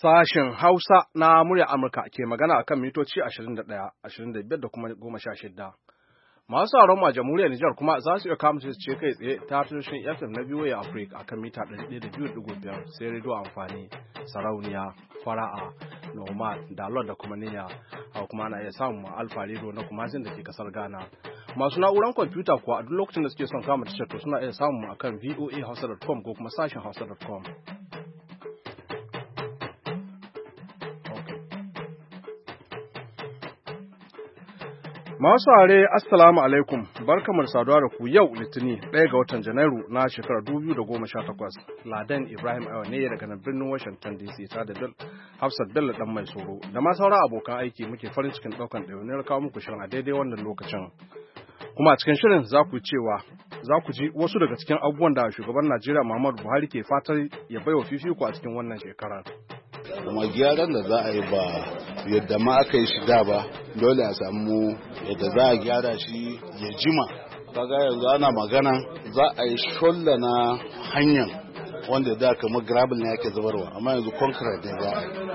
Sashen Hausa na murya Amurka ke magana a kan mitoci 21, 25 da kuma 16. masu sauraron ma jamhuriyar Nijar kuma za su iya kama su ce kai tsaye ta tushen FM na BOA Africa akan mita 102.5 sai rediyo amfani sarauniya fara'a noma dalot da kuma niyya a kuma ana iya samun alfa rediyo na kuma zin da ke kasar Ghana masu na'uran kwamfuta kuwa a duk lokacin da suke son kama tashar to suna iya samun akan voahausa.com ko kuma sashen hausa.com Masu are Assalamu alaikum barkamar saduwa da ku yau Litinin ɗaya ga watan Janairu na shekarar 2018 Ladan Ibrahim Awa ne daga nan birnin Washington DC ta da Hafsat Bello dan mai tsoro, da ma sauran abokan aiki muke farin cikin ɗaukan ne kawo muku shirin a daidai wannan lokacin. Kuma a cikin shirin za ku cewa za ku ji wasu daga cikin abubuwan da shugaban Najeriya Muhammadu Buhari ke fatar ya baiwa fifiko a cikin wannan shekarar. Kuma gyaran da za a yi ba yadda ma aka yi shiga ba dole a samu yadda za a gyara shi ya jima kaga yanzu ana magana za a yi sholla na hanyar wanda da kamar gravel ne yake zubarwa amma yanzu concrete ne za a yi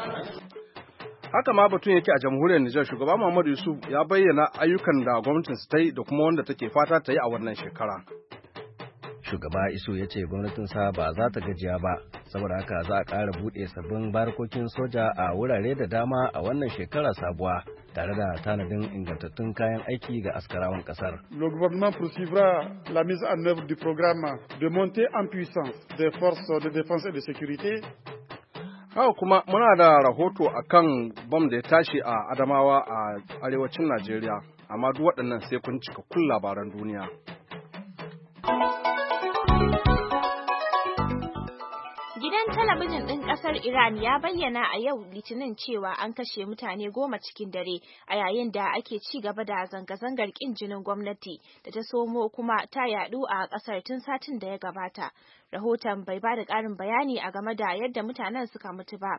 haka ma batun yake a jamhuriyar Nijar shugaba Muhammadu Yusuf ya bayyana ayyukan da gwamnatin ta yi da kuma wanda take fata ta yi a wannan shekara. shugaba iso ya ce sa ba za ta gajiya ba saboda haka za a ƙara buɗe sabbin barkokin soja a wurare da dama a wannan shekara sabuwa tare da tanadin ingantattun kayan aiki ga askarawan kasar. Le gouvernement poursuivra la mise en œuvre du programme de montée en puissance des forces de défense et de sécurité Haka kuma muna da rahoto a kan bam da ya tashi a Adamawa a arewacin Najeriya, amma duk waɗannan sai kun cika kun labaran duniya. Gidan talabijin ɗin ƙasar Iran ya bayyana a yau Litinin cewa an kashe mutane goma cikin dare a yayin da ake ci gaba da zanga-zangar ƙin jinin gwamnati da ta somo kuma ta yaɗu a ƙasar tun satin da ya gabata. Rahoton bai ba da ƙarin bayani a game da yadda mutanen suka mutu ba.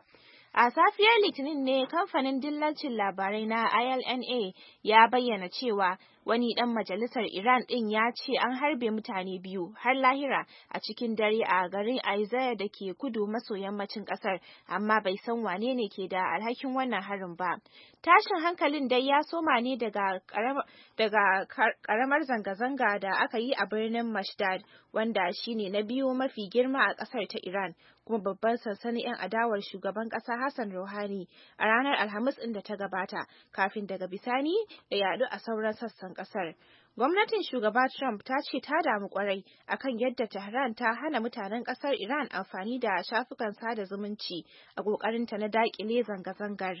A safiyar Litinin ne kamfanin dillancin labarai na ILNA ya bayyana cewa Wani ɗan majalisar Iran ɗin ya ce an harbe mutane biyu har lahira a cikin dare a garin Aizaya da ke kudu maso yammacin ƙasar, amma bai san wane ne ke da alhakin wannan harin ba. Tashin hankalin dai ya soma ne daga ƙaramar zanga-zanga da aka yi a birnin Mashdad, wanda shine na biyu mafi girma a ƙasar ta Iran. kuma babban sansanin 'yan adawar shugaban ƙasa Hassan Rouhani a ranar Alhamis ɗin da ta gabata, kafin daga bisani da yadu a sauran sassan kasar. Gwamnatin shugaba Trump ta ce ta damu kwarai akan yadda Tehran ta hana mutanen kasar Iran amfani da shafukan sada zumunci a ƙoƙarinta na daƙile zanga-zangar.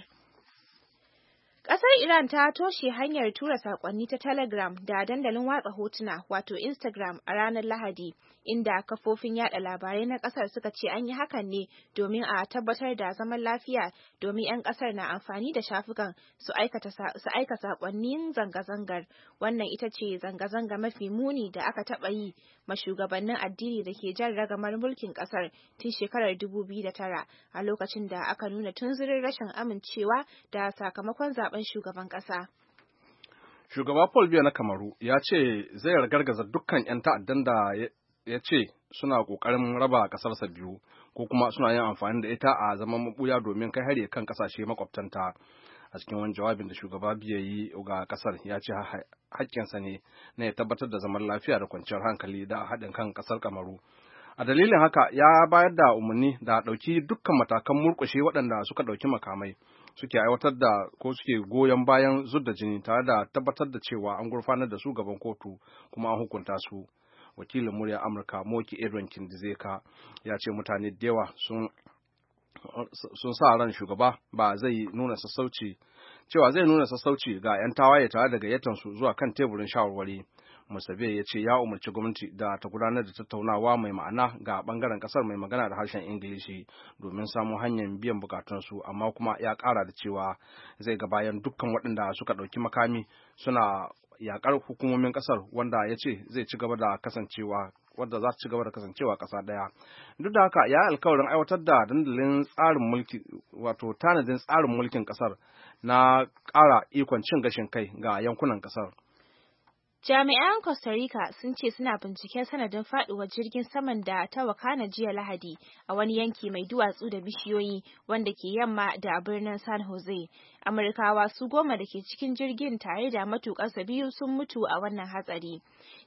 Ƙasar Iran ta toshe hanyar tura saƙonni ta Telegram da dandalin watsa hotuna wato Instagram a ranar Lahadi, inda kafofin yada labarai na ƙasar suka ce an yi hakan ne domin a tabbatar da zaman lafiya domin 'yan ƙasar na amfani da shafukan su aika saƙonnin zanga-zangar. Wannan ita ce zanga-zanga mafi muni da aka taɓa yi Mashugabannin addini da ke jan ragamar mulkin kasar tun shekarar 2009 a lokacin da aka nuna tunzirin rashin amincewa da sakamakon zaben shugaban kasa. Shugaba Paul Biya na Kamaru ya ce zai ragargaza dukkan 'yan ta'addan da ya ce suna ƙoƙarin raba ƙasarsa biyu ko kuma suna yin amfani da ita a zaman mabuya domin kai hari kan ƙasashe makwabtanta. a cikin wani jawabin da shugaba biya yi ga kasar ya ce haƙƙinsa ne na ya tabbatar da zaman lafiya da kwanciyar hankali da haɗin kan ƙasar kamaru a dalilin haka ya bayar da umarni da ɗauki dukkan matakan murƙushe waɗanda suka ɗauki makamai suke aiwatar da ko suke goyon bayan zub da jini tare da tabbatar da cewa an gurfanar da su gaban kotu kuma an hukunta su wakilin murya amurka moki edwin kindizeka ya ce mutane da yawa sun sun sa ran shugaba ba zai nuna sassauci cewa zai nuna sassauci ga 'yan tawaye tare da su zuwa kan teburin shawarwari musabe ya ce ya umarci gwamnati da ta gudanar da tattaunawa mai ma'ana ga bangaren kasar mai magana da harshen ingilishi domin samun hanyar biyan bukatunsu amma kuma ya kara da cewa zai ga bayan dukkan waɗanda suka ɗauki makami suna yakar hukumomin kasar wanda ya ce zai ci gaba da kasancewa wadda za ci gaba da kasancewa ƙasa daya duk da haka ya alkawarin aiwatar da dandalin tsarin mulki wato tanadin tsarin mulkin ƙasar na ƙara ikon cin gashin kai ga yankunan ƙasar jami'an costa rica sun ce suna binciken sanadin faduwar jirgin saman da ta wakana jiya lahadi a wani yanki mai duwatsu da bishiyoyi wanda ke yamma da birnin san jose Amurkawa su goma da ke cikin jirgin tare da matuƙansa biyu sun mutu a wannan hatsari.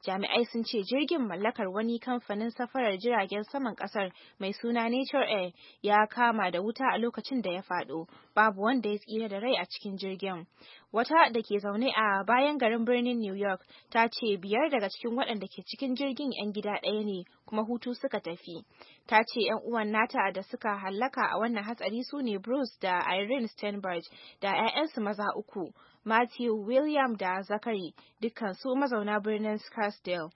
Jami'ai sun ce jirgin mallakar wani kamfanin safarar jiragen saman ƙasar mai suna Nature Air ya kama da wuta a lokacin da ya faɗo, babu wanda ya tsira da rai a cikin jirgin. Wata da ke zaune a bayan garin birnin New York ta ce biyar daga cikin waɗanda ke cikin jirgin 'yan gida ɗaya ne kuma hutu suka tafi. Ta ce 'yan uwan nata da suka hallaka a wannan hatsari su ne Bruce da Irene Steinberg da 'ya'yansu maza uku, Matthew William da Zachary, dukkan su mazauna birnin Scarsdale.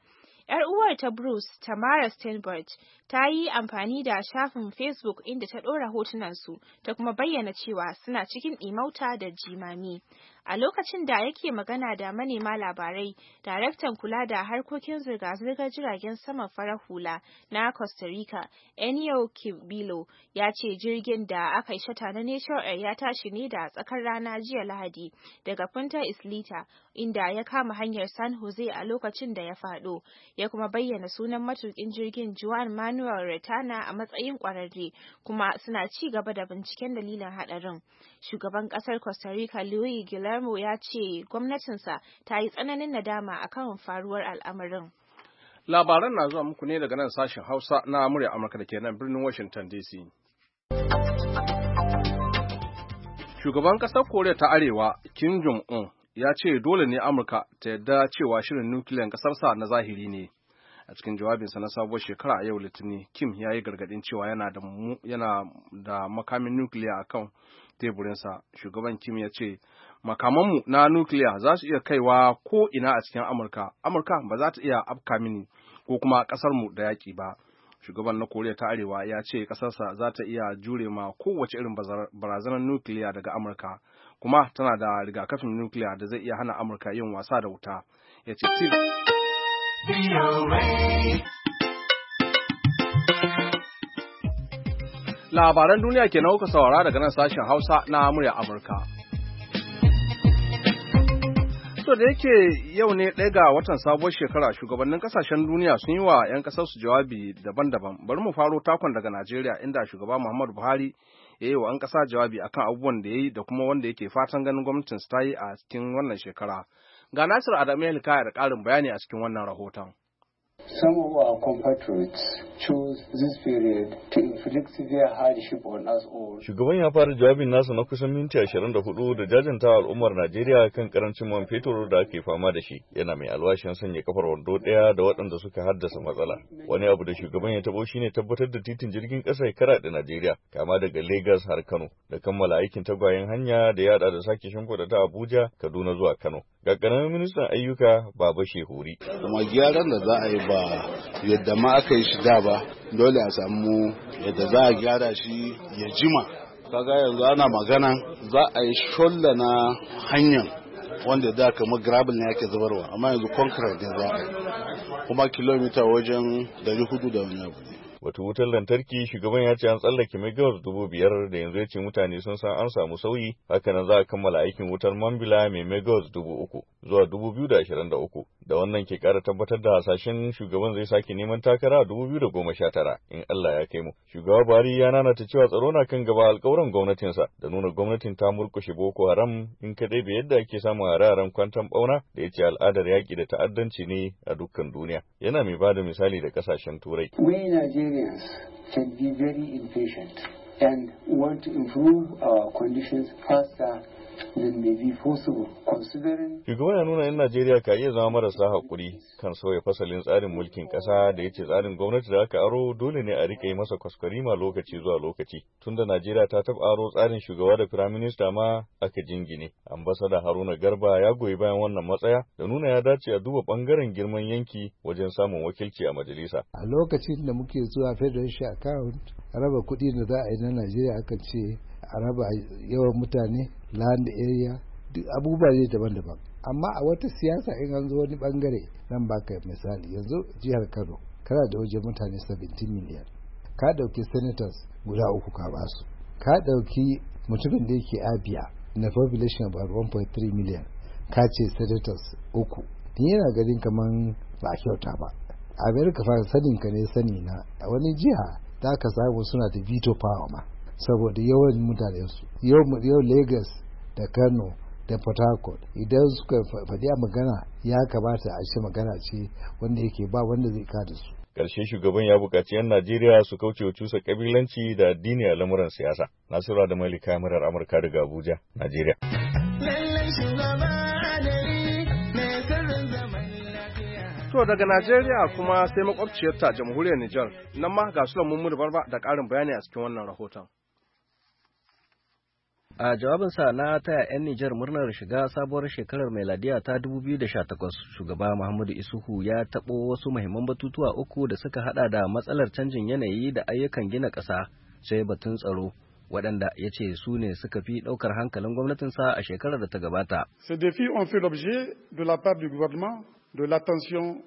'Yar uwar ta Bruce, Tamara Steinberg, ta yi amfani da shafin Facebook inda ta ɗora hotunansu, ta kuma bayyana cewa suna cikin imauta da jimami. A lokacin da yake magana da manema labarai, daraktan kula da harkokin zirga-zirgar jiragen saman farar hula na Costa Rica, Enio Kibilo, ya ce jirgin da aka shata na Nature Air ya tashi ne da tsakar rana jiya Lahadi daga Punta Islita, inda ya kama hanyar San Jose a lokacin da ya faɗo. Ya kuma bayyana sunan matukin jirgin Juan Manuel Retana a matsayin kwararre, kuma suna ci gaba da binciken dalilin haɗarin. Shugaban ƙasar Costa Rica, Louis Guillermo Guillermo ya ce gwamnatinsa ta yi tsananin nadama akan faruwar al'amarin. Labaran na zuwa muku ne daga nan sashen Hausa na murya Amurka da ke nan birnin Washington DC. Shugaban ƙasar Koriya ta Arewa Kim Jong-un ya ce dole ne Amurka ta yarda cewa shirin nukiliyan ƙasarsa na zahiri ne. a cikin jawabinsa na sabuwar shekara a yau litinin kim ya yi gargadin cewa yana yana da makamin nukiliya a kan teburinsa shugaban kim ya ce makamanmu na nukiliya za su iya kaiwa ko ina a cikin amurka amurka ba za ta iya afka mini ko kuma ƙasarmu da yaƙi ba shugaban na koriya ta arewa ya ce ƙasarsa za ta iya jure ma kowace irin barazanar nukiliya daga amurka kuma tana da rigakafin nukiliya da zai iya hana amurka yin wasa da wuta ya labaran duniya ke nauka saurara daga nan sashen hausa na murya amurka so da yake yau ne ɗaya ga watan sabuwar shekara shugabannin kasashen duniya sun yi wa 'yan su jawabi daban-daban bari mu faro takon daga najeriya inda shugaba muhammadu buhari ya yi wa 'yan ƙasa jawabi akan abubuwan da ya yi da kuma wanda yake fatan ganin gwamnatin ta yi a cikin wannan shekara ga Nasiru adamu ya da ƙarin bayani a cikin wannan rahoton Some of our compatriots chose this period to inflict severe hardship on us all. Shugaban ya fara jawabin nasa na kusan minti 24 da jajanta al'ummar Najeriya kan karancin man fetur da ake fama da shi yana mai alwashin sanya kafar wando ɗaya da waɗanda suka haddasa matsala. Wani abu da shugaban ya tabo shine tabbatar da titin jirgin ƙasa ya karaɗe Najeriya kama daga Lagos har Kano da kammala aikin tagwayen hanya da yada da sake shimfiɗa ta Abuja Kaduna zuwa Kano. Ga ministan ayyuka Baba Shehuri. Kuma gyaran da za a yi ba ba yadda ma aka yi shi da ba dole a samu yadda za a gyara shi ya jima kaga yanzu ana magana za a yi sholla na hanyar wanda da kamar gravel ne ake zubarwa amma yanzu concrete ne za a yi kuma kilomita wajen 400 da wani abu ne Wata wutar lantarki shugaban ya ce an tsallake megawatt dubu biyar da yanzu ya ce mutane sun san an samu sauyi hakanan za a kammala aikin wutar mambila mai megawatt dubu uku zuwa dubu biyu da ashirin da uku da wannan ke kara tabbatar da hasashen shugaban zai sake neman takara a dubu biyu da goma sha tara in Allah ya kai mu. Shugaba Buhari ya nanata cewa tsaro na kan gaba alƙawuran gwamnatinsa da nuna gwamnatin ta murkushe Boko Haram in kadai da yadda ake samun hararen kwantan bauna da ya ce al'adar yaƙi da ta'addanci ne a dukkan duniya. Yana mai ba da misali da ƙasashen Turai. We Nigerians can be very impatient and want to improve our conditions faster Shugaban ya nuna yan Najeriya ka iya zama marasa haƙuri kan sauya fasalin tsarin mulkin ƙasa da ya ce tsarin gwamnati da aka aro dole ne a yi masa kwaskwarima lokaci zuwa lokaci. Tunda Najeriya ta taɓa aro tsarin shugaba da firaminista ma aka jingine. Ambasada Haruna Garba ya goyi bayan wannan matsaya da nuna ya dace a duba ɓangaren girman yanki wajen samun wakilci a majalisa. A lokacin da muke zuwa Federation Account raba kuɗi da za a yi na Najeriya aka ce a raba yawan mutane land area duk abubuwa ne daban-daban amma a wata siyasa in an zo wani bangare nan ba ka misali yanzu jihar kano kana da wajen mutane 17 miliyan ka dauki senators guda uku ka basu ka dauki mutumin da yake abia na population about 1.3 million ka ce senators uku ni yana ganin kamar ba a kyauta ba a america fara sanin ka ne sani na a wani jiha za ka samu suna da veto power ma saboda yawan mutanensu yau lagos da kano da port harcourt idan suka faɗi a magana ya kamata a ce magana ce wanda yake ba wanda zai kada su karshe shugaban ya buƙaci 'yan najeriya su kaucewa cusa ƙabilanci da addini a lamuran siyasa nasura da malika murar amurka daga abuja najeriya To daga Najeriya kuma sai makwabciyarta jamhuriyar Nijar, nan ma ga Sulan da Barba da ƙarin bayani a cikin wannan rahoton. A jawabin sa na ta 'yan Nijar murnar shiga sabuwar shekarar mai meladiya ta 2018, shugaba Muhammadu Isuhu ya tabo wasu muhimman batutuwa uku da suka hada da matsalar canjin yanayi da ayyukan gina ƙasa sai batun tsaro waɗanda ya ce su ne suka fi ɗaukar hankalin gwamnatinsa a shekarar da ta gabata. ont fait l'objet de la de l'attention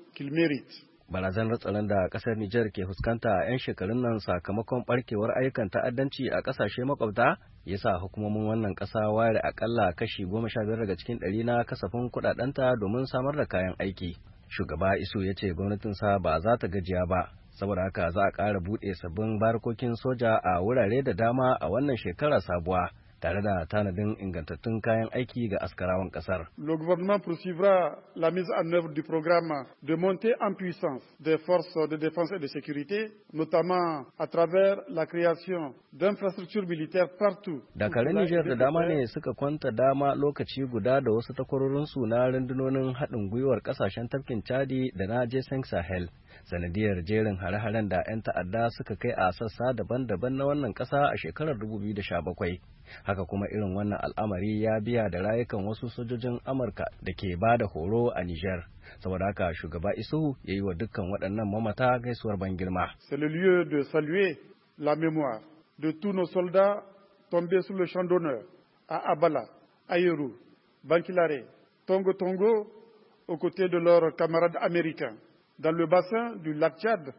barazanar tsaron da kasar Nijar ke fuskanta a 'yan shekarun nan sakamakon barkewar ayyukan ta'addanci a kasashe makwabta ya sa hukumomin wannan kasa ware akalla kashi goma sha biyar daga cikin ɗari na kasafin kuɗaɗenta domin samar da kayan aiki. Shugaba Isu ya ce gwamnatinsa ba za ta gajiya ba, saboda haka za a ƙara buɗe sabbin barkokin soja a wurare da dama a wannan shekara sabuwa. tare da tanadin ingantattun kayan aiki ga askarawan kasar. Le gouvernement poursuivra la mise en œuvre du programme de montée en puissance des forces de défense et de sécurité, notamment à travers la création d'infrastructures militaires partout. Dakarun Niger da dama ne suka kwanta dama lokaci guda da wasu takwarorinsu na rundunonin haɗin gwiwar ƙasashen tafkin Chadi da na Sahel sanadiyar jerin hare-haren da 'yan ta'adda suka kai a sassa daban-daban na wannan ƙasa a shekarar 2017 haka kuma irin wannan al'amari ya biya da rayukan wasu sojojin amurka da ke ba da horo a niger saboda haka shugaba isuhu ya yi wa dukkan waɗannan mamata gaisuwar ban girma de sur le a Abala, Bankilare, Tongo Tongo, aux côtés de leurs camarades américains. dans le bassin du lac Tchad,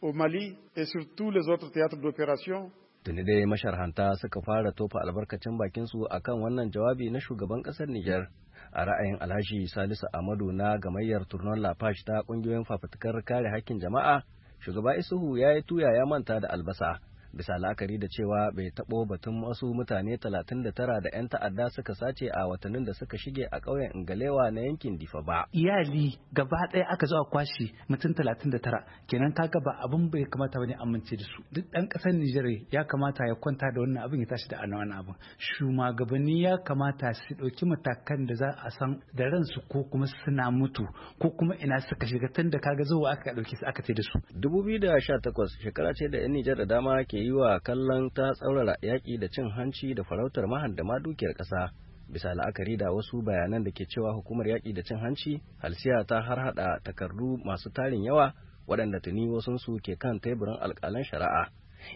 au Mali et sur tous les autres théâtres d'opération. Tuni dai masharhanta suka fara tofa albarkacin bakinsu a kan wannan jawabi na shugaban ƙasar Nijar. A ra'ayin Alhaji Salisu Amadu na gamayyar turnon Lafash ta ƙungiyoyin fafutukar kare hakkin jama'a, shugaba Isuhu ya yi tuya ya manta da albasa. bisa la'akari da cewa bai taɓo batun wasu mutane 39 da 'yan ta'adda suka sace a watannin da suka shige a ƙauyen Ingalewa na yankin Difa ba. Iyali gaba ɗaya aka zo a kwashe mutum 39 kenan kaga ba abin bai kamata bane amince da su. Duk ɗan ƙasar Nijar ya kamata ya kwanta da wannan abin ya tashi da ana wannan abin. Shugabanni ya kamata su ɗauki matakan da za a san da ransu ko kuma suna mutu ko kuma ina suka shiga tun da kaga zuwa aka ɗauki su aka ce da su. 2018 shekara ce da 'yan Nijar da dama ke yi wa kallon ta tsaurara yaƙi da cin hanci da farautar mahandama dukiyar ƙasa bisa la'akari da wasu bayanan da ke cewa hukumar yaƙi da cin hanci halsiya ta har harhaɗa takardu masu tarin yawa waɗanda tuni wasunsu ke kan teburin alƙalan shari'a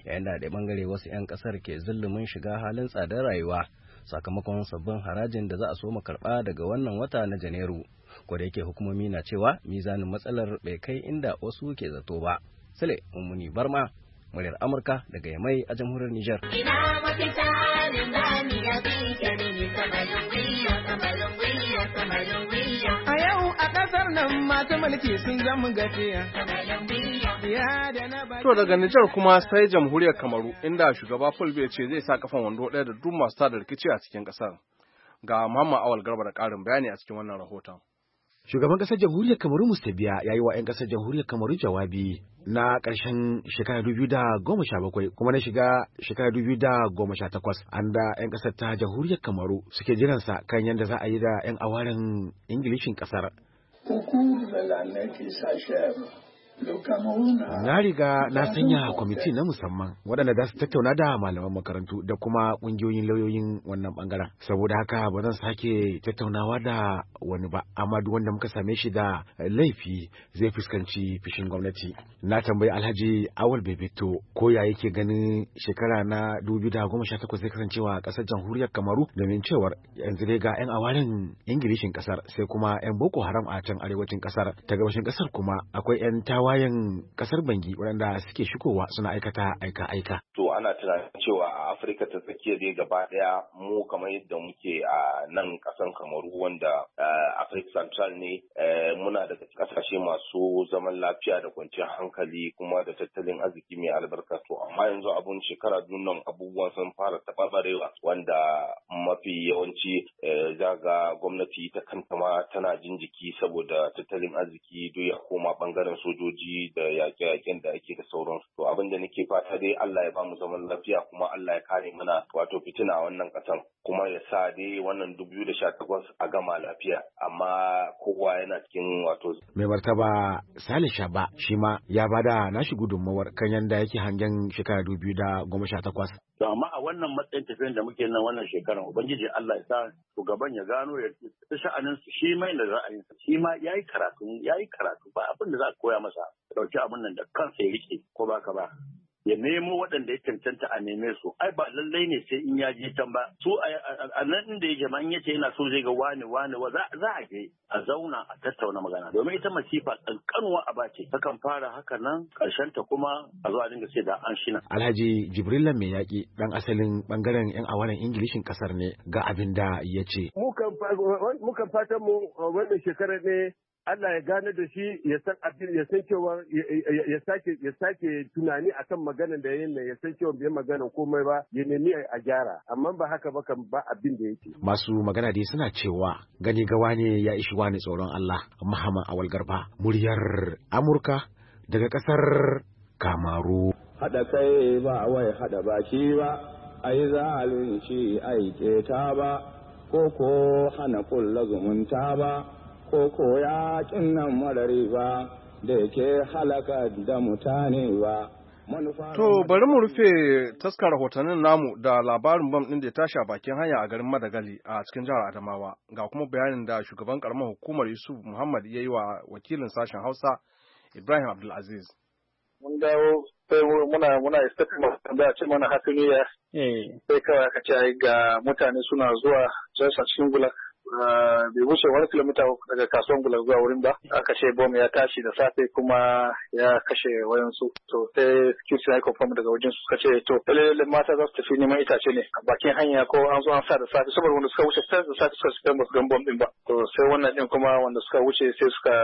yayin da da bangare wasu 'yan ƙasar ke zillumin shiga halin tsadar rayuwa sakamakon sabbin harajin da za a so mu karɓa daga wannan wata na janairu ko da yake hukumomi na cewa mizanin matsalar bai kai inda wasu ke zato ba sule mummuni barma muryar Amurka daga Yamai a jamhuriyar Nijar. Ina A yau a nan masu mulki sun zama gafiya. To daga Nijar kuma sai jamhuriyar Kamaru inda shugaba Fulbe ce zai sa kafan wando ɗaya da duk masu tada rikici a cikin ƙasar. Ga Muhammad Awal Garba da ƙarin bayani a cikin wannan rahoton. Shugaban ƙasar jamhuriyar Kamaru biya ya yi wa 'yan ƙasar jamhuriyar Kamaru jawabi na ƙarshen shekara dubu da goma sha bakwai kuma na shiga shekara dubu da goma sha takwas an da 'yan ƙasar ta jamhuriyar Kamaru suke jiransa kan yadda za a yi da 'yan awarin Ingilishin ƙasar. Au da na ke Na riga na sanya kwamiti na musamman waɗanda za su tattauna da malaman makarantu da kuma ƙungiyoyin lauyoyin wannan ɓangaren. Saboda haka ba zan sake tattaunawa da wani ba, amma duk wanda muka same shi da laifi zai fuskanci fishin gwamnati. Na tambayi Alhaji Awal Bebeto ko ya yake ganin shekara na dubu da goma sha takwas zai kasancewa ƙasar jamhuriyar Kamaru domin cewar yanzu dai ga 'yan awarin Ingilishin ƙasar sai kuma 'yan Boko Haram a can arewacin ƙasar ta gabashin ƙasar kuma akwai 'yan tawa tawayen kasar bangi waɗanda suke shigowa suna aikata aika-aika. To ana tunanin cewa a Afirka ta tsakiya dai gaba ɗaya mu kamar yadda muke a nan ƙasan Kamaru wanda eh, Afirka Central ne eh, muna daga ƙasashe masu so zaman lafiya da kwanciyar hankali kuma da tattalin arziki mai albarka to amma yanzu abun shekara biyu abubuwan sun fara taɓarɓarewa wanda mafi yawanci eh, zaga gwamnati ta kanta ma tana jin jiki saboda tattalin arziki duk ya koma bangaren sojoji da yaƙe-yaƙen da ake da sauransu to abin da nake fata dai Allah ya bamu zaman lafiya kuma Allah ya kare mana wato fitina a wannan ƙasan kuma ya sa dai wannan dubu da a gama lafiya amma kowa yana cikin wato mai martaba Dr. Shaba shi ma ya bada nashi gudunmawar kan da yake hangen shekara dubu da goma sha takwas. amma a wannan matsayin tafiyan da muke nan wannan shekaran Ubangiji Allah ya sa shugaban ya gano ya ta sha'anin su shi mai da ra'ayin sa shi ma yayi karatu yayi karatu ba abin da za a koya masa dauki abin nan da kansa ya rike ko ba ka ba. ya nemo waɗanda ya cancanta a neme su ai ba lallai ne sai in ya je can ba su a nan da ya jama'in ya ce yana so zai ga wane wane. wa za a je a zauna a tattauna magana domin ita masifa kankanuwa a bace takan fara haka nan ƙarshen ta kuma a zuwa dinga sai da an shina Alhaji jibrila mai yaki Ɗan asalin ɓangaren yan awanan Ingilishin ƙasar ne ga abin da ya ce mukan fatan mu wannan shekarar ne Allah ya gane da shi ya san abin ya san cewa ya sake ya sake tunani akan maganar da yayin ya san cewa bai magana komai ba ya nemi a gyara amma ba haka ba kan ba abin da yake masu magana dai suna cewa gani gawa ne ya ishi wani tsoron Allah Muhammad Awal Garba muryar Amurka daga kasar Kamaru hada kai ba wai hada baki ba ai zalunci ai keta ba ko ko hana kullu zumunta ba ko ko yaƙin nan mara riba da yake halaka da mutane ba. To bari mu rufe taskar rahotannin namu da labarin bam ɗin da ya tashi a bakin hanya a garin Madagali a cikin jihar Adamawa ga kuma bayanin da shugaban karamar hukumar Yusuf Muhammad ya yi wa wakilin sashen Hausa Ibrahim Abdulaziz. Mun dawo sai muna muna da ce mana happy new year. Eh. Sai kawai aka ce ga mutane suna zuwa jasa cikin gulak Eh, bai wuce wani kilomita daga kasuwan gulag zuwa wurin ba aka ce bom ya tashi da safe kuma ya kashe wayansu to sai security na confirm daga wajen su kace ce to lalle mata za su tafi neman itace ne a bakin hanya ko an zo an sa da safe saboda wanda suka wuce sai da safe suka shiga musu gan bom din ba to sai wannan din kuma wanda suka wuce sai suka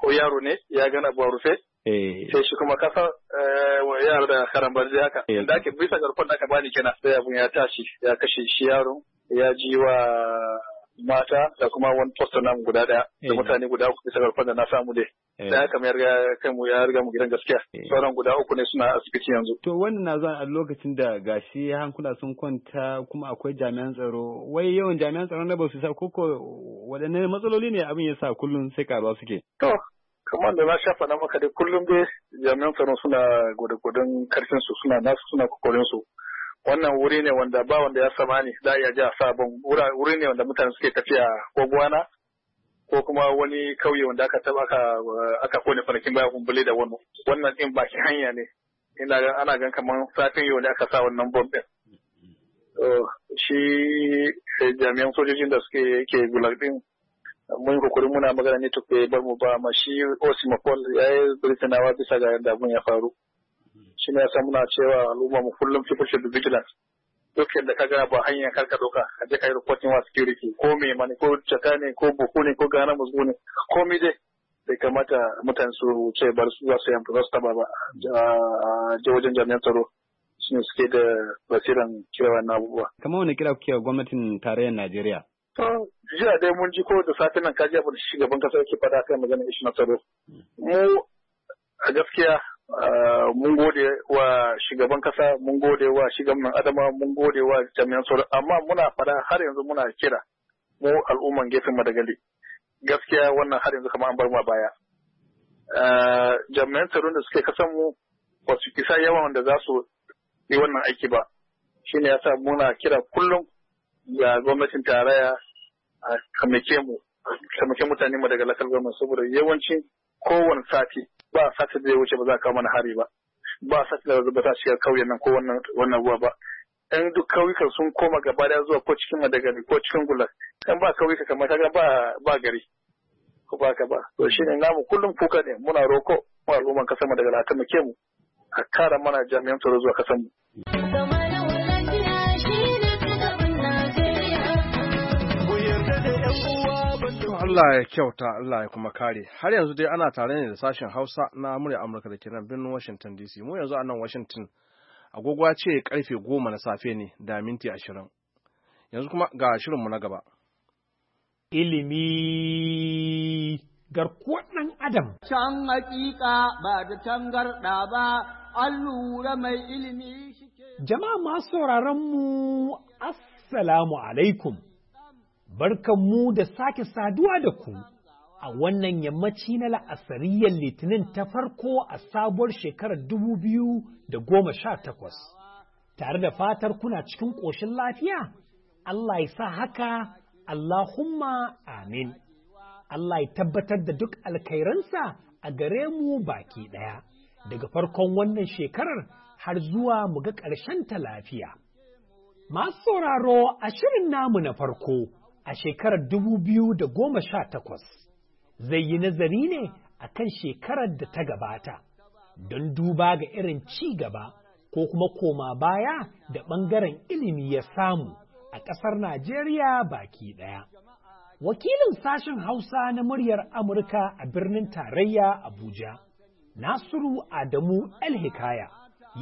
ko yaro ne ya gana abu rufe eh. sai shi kuma kasa eh, yaro da karambarji haka inda ake bisa garkon da aka bani kenan sai abun ya tashi ya kashe shi yaron ya ji wa mata da kuma wani posta namu guda daya da eh. mutane guda uku bisa garkon da na samu dai eh. da haka mai riga ya riga mu gidan gaskiya eh. sauran guda uku ne suna asibiti yanzu to wannan na zuwa a lokacin da gashi hankula sun kwanta kuma akwai jami'an tsaro wai yawan jami'an tsaro na ba su sa koko waɗanne matsaloli ne abin ya sa kullum sai ƙaruwa suke to kamar da na shafa na maka dai kullum dai jami'an tsaro suna gode-goden karfin su suna nasu suna kokarin su wannan wuri ne wanda ba wanda ya sama ne za a iya ji a sabon wuri ne wanda mutane suke tafiya ko gwana ko kuma wani kauye wanda aka taba aka aka kone farkin baya kumbule da wani wannan din baki hanya ne ina ana gan kamar safin yau ne aka sa wannan bom din shi eh, jami'an sojojin da suke yake gulag din mun kokari muna magana ne tuke eh, bar mu ba ma shi Osimapol ya yi birtinawa bisa ga yadda abun ya faru. shi ne yasa muna cewa al'umma mu kullum people should be vigilant duk da ka gana ba kar karka doka a je kai reporting wa security ko me mani ko jaka ne ko buhu ne ko gana musgu ne ko mi dai bai kamata mutane su ce bar su za su yi amfani su taba ba a wajen jami'an tsaro shi ne suke da basiran kira wannan abubuwa. Kama wani kira kuke gwamnatin tarayyar Najeriya? jiya dai mun ji ko da satin nan kaji abin shugaban kasa yake faɗa kan magana ishi na tsaro. Mu a gaskiya Eh, mun gode wa shugaban kasa mun gode wa shugaban adama mun gode wa jami'an tsaro amma muna fada har yanzu muna kira mu al'umman gefen madagali gaskiya wannan har yanzu kamar an bar ma baya eh, jami'an tsaron da suke kasan mu ba su isa yawan da za su yi wannan aiki ba shine yasa muna kira kullum ga gwamnatin tarayya a kamake mu kamake mutane mu daga lakal gwamnati saboda yawancin kowane sati ba sati da ya wuce ba za a kawo mana hari ba ba sati da ba za a shiga kauyen nan ko wannan ruwa ba ɗan duk kauyukan sun koma gaba daya zuwa ko cikin madagari ko cikin gulas ɗan ba kauyuka kamar kaga ba ba gari ko ba ka ba to ne namu kullum kuka ne muna roko mu al'umman kasar madagari a taimake mu a kara mana jami'an tsaro zuwa kasar mu. Allah ya kyauta Allah ya kuma kare har yanzu dai ana tare ne da sashen Hausa na murya Amurka da kiran birnin Washington DC mu yanzu a nan Washington agogo ce karfe goma na safe ne da minti ashirin yanzu kuma ga shirinmu na gaba ilimi garkuwar ɗan adam can hakika ba da tangarɗa ba allura mai ilimi shike jama'a masu sauraron mu assalamu alaikum barkan mu da sake saduwa da ku a wannan yammaci na la'asariyar litinin ta farko a sabuwar shekarar dubu biyu da goma sha takwas, tare da fatar kuna cikin ƙoshin lafiya Allah ya sa haka Allahumma amin Allah ya tabbatar da duk alkairansa a gare mu baki ɗaya daga farkon wannan shekarar har zuwa mu ga ƙarshen ta lafiya. Masu sauraro a shirin namu na farko a shekarar dubu biyu da goma sha takwas zai yi nazari ne a kan shekarar da ta gabata don duba ga irin ci gaba ko kuma koma baya da ɓangaren ilimi ya samu a ƙasar Najeriya baki ɗaya. Wakilin sashen Hausa na muryar Amurka a birnin tarayya Abuja, Nasiru Adamu El-Hikaya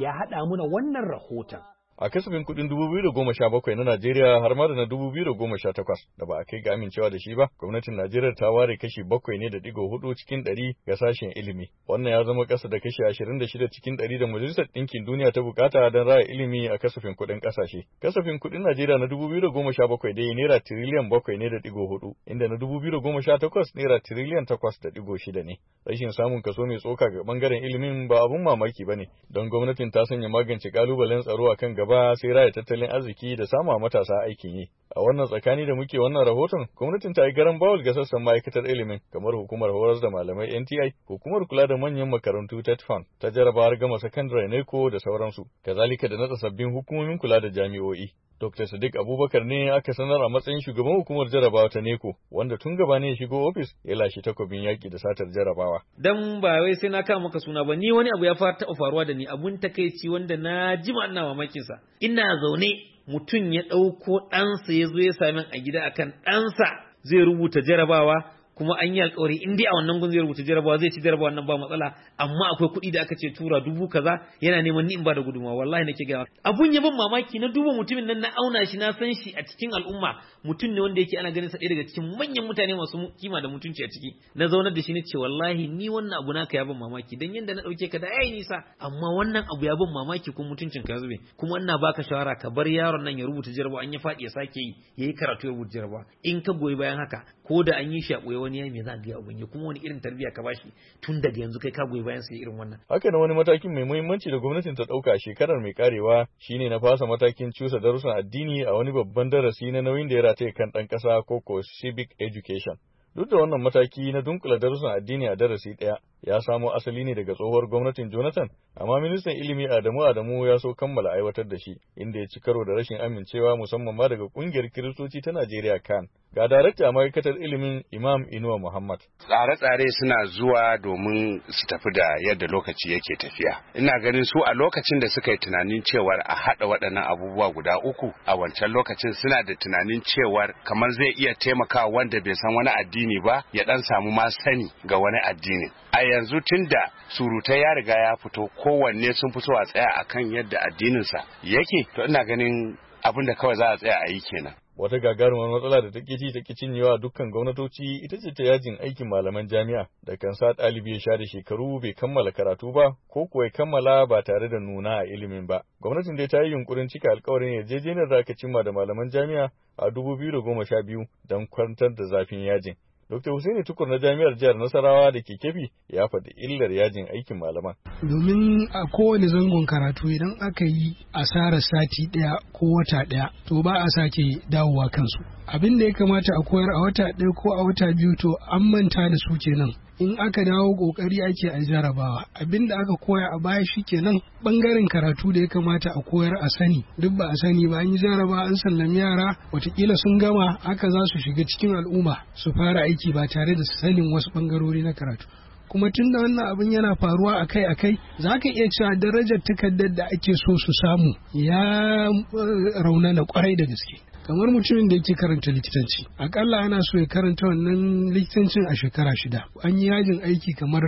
ya haɗa muna wannan rahoton. a kasafin kudin 2017 na Najeriya har ma da na 2018 da ba a kai ga amincewa da shi ba gwamnatin Najeriya ta ware kashi 7 ne da digo 4 cikin ɗari ga sashen ilimi wannan ya zama kasa da kashi 26 cikin ɗari da majalisar ɗinkin duniya ta bukata don raya ilimi a kasafin kudin kasashe kasafin kudin Najeriya na 2017 dai naira tiriliyan bakwai ne da digo 4 inda na 2018 naira trillion takwas da digo shida ne rashin samun kaso mai tsoka ga bangaren ilimin ba abun mamaki ba ne don gwamnatin ta sanya magance kalubalen tsaro akan gaba gaba sai raya tattalin arziki da sama matasa aikin yi. A wannan tsakani da muke wannan rahoton, gwamnatin ta yi garan bawul ga sassan ma'aikatar ilimin kamar hukumar horas da malamai NTI, hukumar kula da manyan makarantu TETFAN, ta jarabawar gama sakandare NECO da sauransu, kazalika da natsa sabbin hukumomin kula da jami'o'i. Dr. Sadiq Abubakar ne aka sanar a matsayin shugaban hukumar jarabawa ta Neko, wanda tun gaba ne shigo ofis ya lashe takobin yaƙi da satar jarabawa. Dan ba wai sai na kama maka suna ba, ni wani abu ya fara taɓa faruwa da ni abun takaici wanda na jima ina mamakin sa. Ina zaune mutum ya ɗauko ɗansa ya zo ya sami a gida akan ɗansa zai rubuta jarabawa kuma an yi alƙawari in dai a wannan gun zai rubuta jarabawa zai ci jarabawa nan ba matsala amma akwai kuɗi da aka ce tura dubu kaza yana neman ni in ba da gudunmawa wallahi nake gaya abun ya mamaki na duba mutumin nan na auna shi na san shi a cikin al'umma mutum ne wanda yake ana ganin sa ɗaya daga cikin manyan mutane masu kima da mutunci a ciki na zaunar da shi ne ce wallahi ni wannan abu naka ya ban mamaki dan yanda na ɗauke ka da yayi nisa amma wannan abu ya ban mamaki kuma mutuncin ka zube kuma ina baka shawara ka bar yaron nan ya rubuta jarabawa an ya faɗi ya sake yi yayi karatu ya rubuta jarabawa in ka goyi bayan haka ko da an yi shi a ɓoye wani yayi me za ga abun ya kuma wani irin tarbiyya ka bashi tun daga yanzu kai ka goyi bayan sa irin wannan haka wani matakin mai muhimmanci da gwamnatin ta dauka shekarar mai karewa shine na fasa matakin cusa darussan addini a wani babban darasi na nauyin da ya ta kan ɗan ƙasa ko ko civic education. Duk da wannan mataki na dunkula darussan addini a darasi ɗaya, ya samo asali ne daga tsohuwar gwamnatin Jonathan, amma ministan ilimi Adamu Adamu ya so kammala aiwatar da shi, inda ya ci karo da rashin amincewa musamman ma daga kungiyar Kiristoci ta Najeriya kan. Ga darakta ma'aikatar ilimin Imam Inuwa Muhammad. Tsare-tsare suna zuwa domin su tafi da yadda lokaci yake tafiya. Ina ganin su a lokacin da suka yi tunanin cewar a haɗa waɗannan abubuwa guda uku a wancan lokacin suna da tunanin cewar kamar zai iya taimakawa wanda bai san wani addini ba ya ɗan samu ma sani ga wani addinin. a yanzu tunda surutai ya riga ya fito kowanne sun fi so a tsaya akan yadda addininsa yake to ina ganin abin da kawai za a tsaya a yi kenan wata gagarumar matsala da take ci take cinyewa dukkan gwamnatoci ita ce ta yajin aikin malaman jami'a da kan sa ɗalibi ya da shekaru bai kammala karatu ba ko kuwa ya kammala ba tare da nuna a ilimin ba gwamnatin dai ta yi yunkurin cika alkawarin yarjejeniyar da aka cimma da malaman jami'a a dubu biyu da goma sha biyu don kwantar da zafin yajin Dr. Husaini Tukur na Jami'ar Jihar Nasarawa da ke kefi ya faɗi illar yajin aikin malaman. Domin a kowane zangon karatu idan aka yi asarar sati ɗaya ko wata ɗaya to ba a sake dawowa kansu. Abin da ya kamata a koyar a wata ɗaya ko a wata biyu to an manta da su kenan. in aka dawo kokari ake a jarabawa abin da aka koya a baya shi kenan bangaren karatu da ya kamata a koyar a sani duk ba a sani ba an yi jaraba an sallami yara watakila sun gama haka za su shiga cikin al'umma su fara aiki ba tare da sanin wasu bangarori na karatu kuma tun da wannan abin yana faruwa akai akai za ka iya cewa darajar takardar da ake so su samu ya rauna eh, raunana kwarai da gaske kamar mutumin da yake karanta likitanci akalla ana so ya karanta wannan likitancin a shekara shida an yi yajin aiki kamar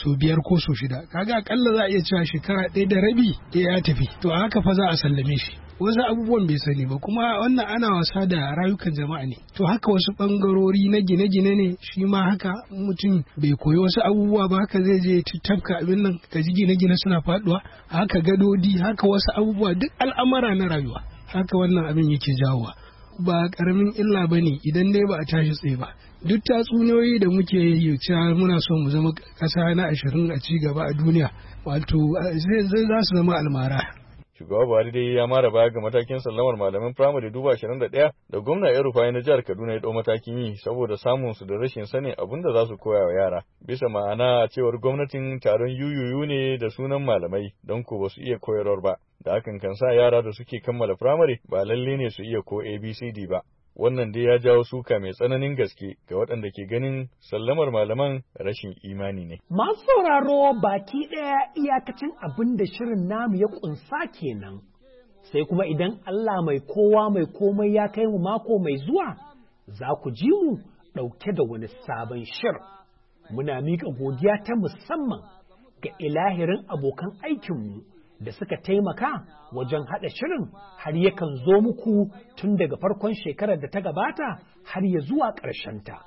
so biyar ko so shida kaga akalla za a iya cewa shekara ɗaya da rabi ɗaya eh, ya tafi to a haka fa za a sallame shi wasu abubuwan bai sani ba kuma wannan ana wasa da rayukan jama'a ne to haka wasu bangarori na gine-gine ne shi ma haka mutum bai koyi wasu abubuwa ba haka zai je tafka abin nan ka ji gine-gine suna faduwa haka gadodi haka wasu abubuwa duk al'amara na rayuwa haka wannan abin yake jawowa ba karamin illa ba ne idan dai ba a tashi tsaye ba duk tatsuniyoyi da muke yi muna so mu zama kasa na ashirin a ci gaba a duniya wato eh, zai za su zama almara shugaba buhari dai ya mara baya ga matakin sallamar malamin firamare duba ashirin da ɗaya da gwamna ya rufa na jihar kaduna ya ɗau matakin yi saboda samun su da rashin sanin abin da za su koya wa yara bisa ma'ana cewar gwamnatin taron yuyuyu ne da sunan malamai don ko ba su iya koyarwar ba da hakan kan sa yara da suke kammala firamare ba lalle ne su iya ko ABCD ba. Wannan dai ya jawo suka mai tsananin gaske ga waɗanda ke ganin sallamar malaman rashin imani ne. Masu sauraro baki ɗaya iyakacin abin da shirin namu ya ƙunsa kenan. Sai kuma idan Allah mai kowa mai komai ya kai mu mako mai zuwa, za ku ji mu ɗauke da wani sabon shir. Muna miƙa godiya ta musamman ga ilahirin abokan aikinmu. da suka taimaka wajen haɗa shirin har yakan zo muku tun daga farkon shekarar da ta gabata har ya zuwa ƙarshen ta.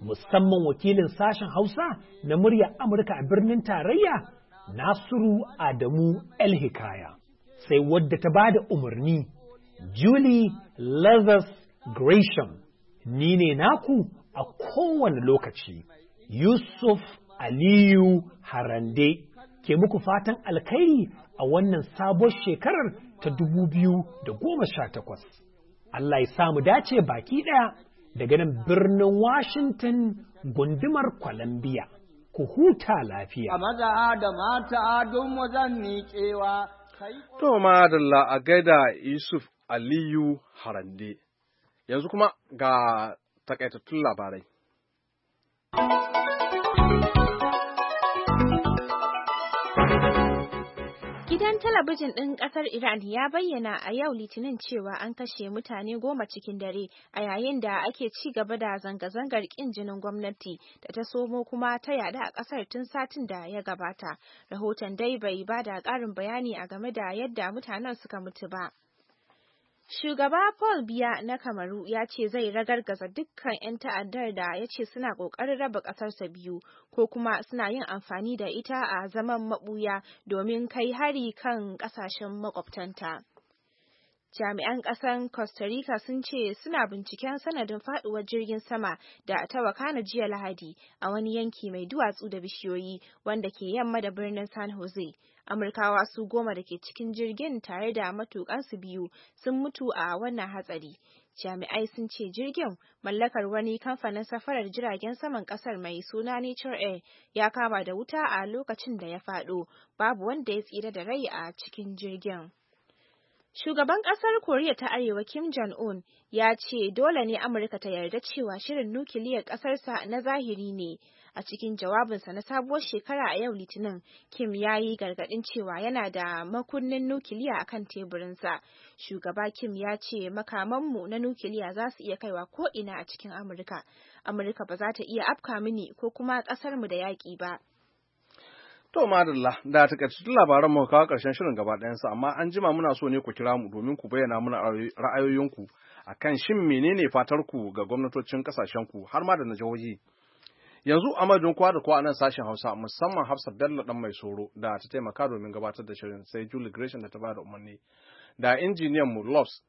Musamman wakilin sashen Hausa na murya Amurka a birnin tarayya Nasiru Adamu El Hikaya, sai wadda ta ba da umarni Julie Lazarus Gresham, ni ne naku a kowane lokaci, Yusuf Aliyu Harande, ke muku fatan alkhairi a wannan sabon shekarar ta dubu biyu da goma sha takwas. Allah ya samu dace baki ɗaya daga nan birnin Washington gundumar Columbia. Ku huta lafiya. A maza da mata don wajen miƙewa. To madalla a gaida Yusuf Aliyu Harande. Yanzu kuma ga takaitattun labarai. Gidan talabijin ɗin ƙasar Iran ya bayyana a yau Litinin cewa an kashe mutane goma cikin dare a yayin da ake ci gaba da zanga-zangar ƙin jinin gwamnati da ta somo kuma ta yada a ƙasar tun satin da ya gabata. Rahoton dai bai ba da ƙarin bayani a game da yadda mutanen suka mutu ba. Shugaba Paul Biya na Kamaru ya ce zai ragargaza dukkan 'yan ta'addar da ya ce suna ƙoƙarin raba ƙasarsa biyu ko kuma suna yin amfani da ita a zaman maɓuya domin kai hari kan ƙasashen maƙwabtanta. Jami'an ƙasar Costa Rica sun ce suna binciken sanadin faɗuwar jirgin sama da ta wakana jiya Lahadi a wani yanki mai duwatsu da bishiyoyi wanda ke yamma da birnin San Jose. Amurkawa su goma da ke cikin jirgin tare da matuƙansu biyu sun mutu a wannan hatsari. Jami'ai sun ce jirgin mallakar wani kamfanin safarar jiragen saman kasar mai suna Nature Air ya kama da wuta a lokacin da ya faɗo, babu wanda ya tsira da rai a cikin jirgin. Shugaban ƙasar Koriya ta Arewa Kim Jong-un ya ce dole ne Amurka ta yarda cewa shirin nukiliyar ƙasarsa na zahiri ne, A cikin jawabinsa na sabuwar shekara a yau Litinin, Kim ya yi gargaɗin cewa yana da makunnin nukiliya akan teburinsa. Shugaba Kim ya ce makamanmu na nukiliya za su iya kaiwa ko ina a cikin Amurka. Amurka ba za ta iya afka mini ko kuma ƙasarmu da yaƙi ba. To madalla da takaitattun labaran mu kawo ƙarshen shirin gaba ɗayansa amma an jima muna so ne ku kira mu domin ku bayyana muna ra'ayoyinku akan shin menene fatar ku ga gwamnatocin ƙasashen ku har ma da na jihohi. Yanzu a madadin kowa da kowa nan sashen Hausa musamman Hafsa Bello dan mai soro da ta taimaka domin gabatar da shirin sai Julie Gresham da ta bada umarni da injiniyan mu Loves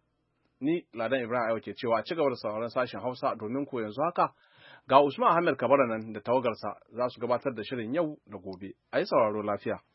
ni Ladan Ibrahim Ayo ke cewa ci gaba da sauraron sashen Hausa domin ko yanzu haka ga Usman Ahmed Kabara nan da tawagarsa za su gabatar da shirin yau da gobe. A yi sauraro lafiya.